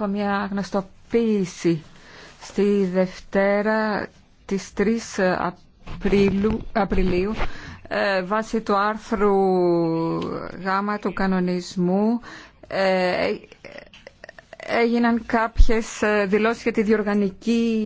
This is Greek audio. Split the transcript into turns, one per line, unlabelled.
έχω μια γνωστοποίηση στη Δευτέρα της 3 Απριλίου, Απριλίου ε, βάσει του άρθρου γάμα του κανονισμού ε, ε, έγιναν κάποιες δηλώσεις για τη διοργανική